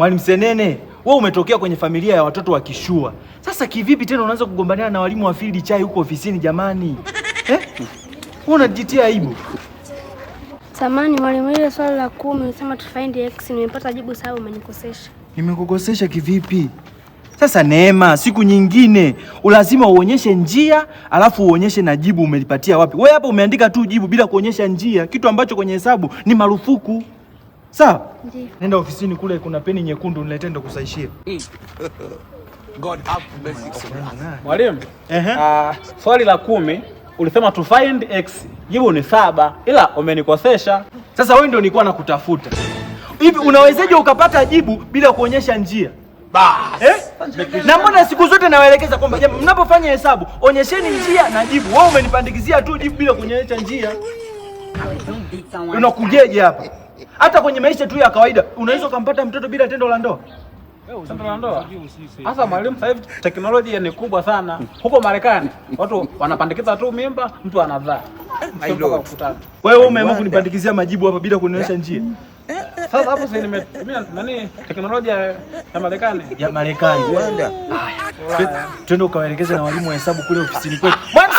Mwalimu Senene, wewe umetokea kwenye familia ya watoto wa kishua. Sasa kivipi tena unaanza kugombaniana na walimu wa field chai huko ofisini jamani? Eh? Wewe unajitia aibu. Samani mwalimu, ile swali la kumi unasema to find x, nimepata jibu sawa, umenikosesha. Nimekukosesha kivipi? Sasa Neema, siku nyingine lazima uonyeshe njia, alafu uonyeshe na jibu umelipatia wapi. Wewe hapa umeandika tu jibu bila kuonyesha njia, kitu ambacho kwenye hesabu ni marufuku. Sawa? Nenda ofisini kule kuna peni nyekundu niletee ndo kusaishia. God have mercy on us. Mwalimu, uh, swali la kumi ulisema to find x, jibu ni saba ila umenikosesha. Sasa wewe ndio nilikuwa nakutafuta. Hivi unawezaje ukapata jibu bila kuonyesha njia? Bas. Eh? Na mbona siku zote nawaelekeza kwamba jamani, mnapofanya hesabu onyesheni njia na jibu. Wewe umenipandikizia tu jibu bila kunyonyesha njia. Unakujeje hapa? hata kwenye maisha tu ya kawaida unaweza ukampata mtoto bila tendo la ndoa. Sasa mwalimu, sasa hivi teknolojia ni kubwa sana. Huko Marekani watu wanapandikiza tu mimba, mtu anazaa. Wewe umeamua kunipandikizia majibu hapa bila kunionyesha njia. Sasa hapo sasa nime nani teknolojia ya Marekani. Ya Marekani. Twende ukawaelekeze na walimu wa hesabu kule ofisini kwetu.